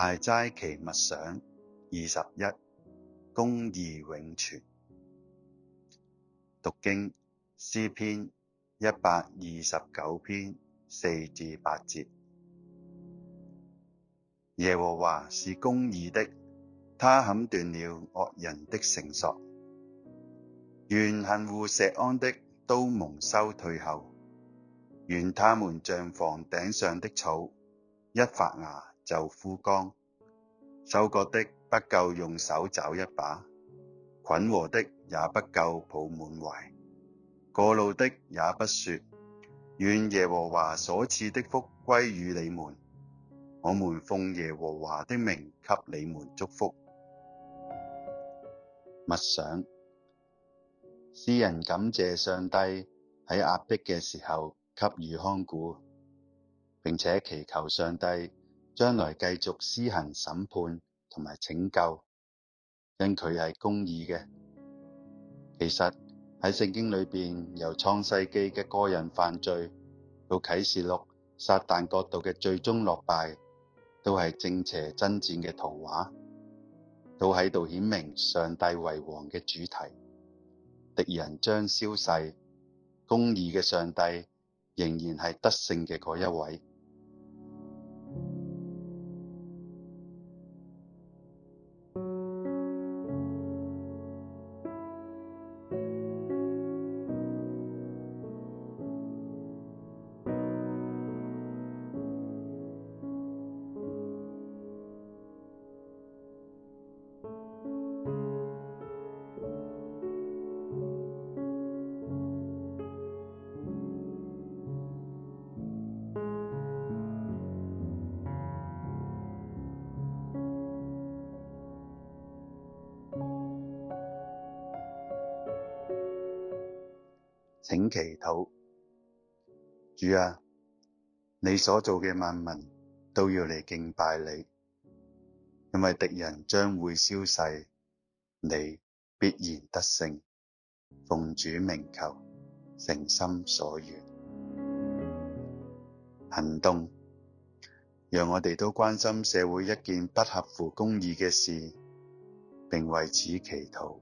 大齋期默想二十一，公義永存。讀經詩篇一百二十九篇四至八節。耶和華是公義的，他砍斷了惡人的繩索，願恨惡錫安的都蒙羞退後，願他們像房頂上的草一發芽。就枯乾，收割的不夠用手找一把，捆禾的也不夠抱滿懷，過路的也不說，願耶和華所賜的福歸與你們。我們奉耶和華的名給你們祝福。默想，詩人感謝上帝喺壓迫嘅時候給予看顧，並且祈求上帝。將來繼續施行審判同埋拯救，因佢係公義嘅。其實喺聖經裏邊，由創世記嘅個人犯罪，到啟示錄撒但國度嘅最終落敗，都係正邪爭戰嘅圖畫，都喺度顯明上帝為王嘅主題。敵人將消逝，公義嘅上帝仍然係得勝嘅嗰一位。請祈禱，主啊，你所做嘅萬民都要嚟敬拜你，因為敵人將會消逝，你必然得勝。奉主名求，誠心所願，行動，讓我哋都關心社會一件不合乎公義嘅事，並為此祈禱。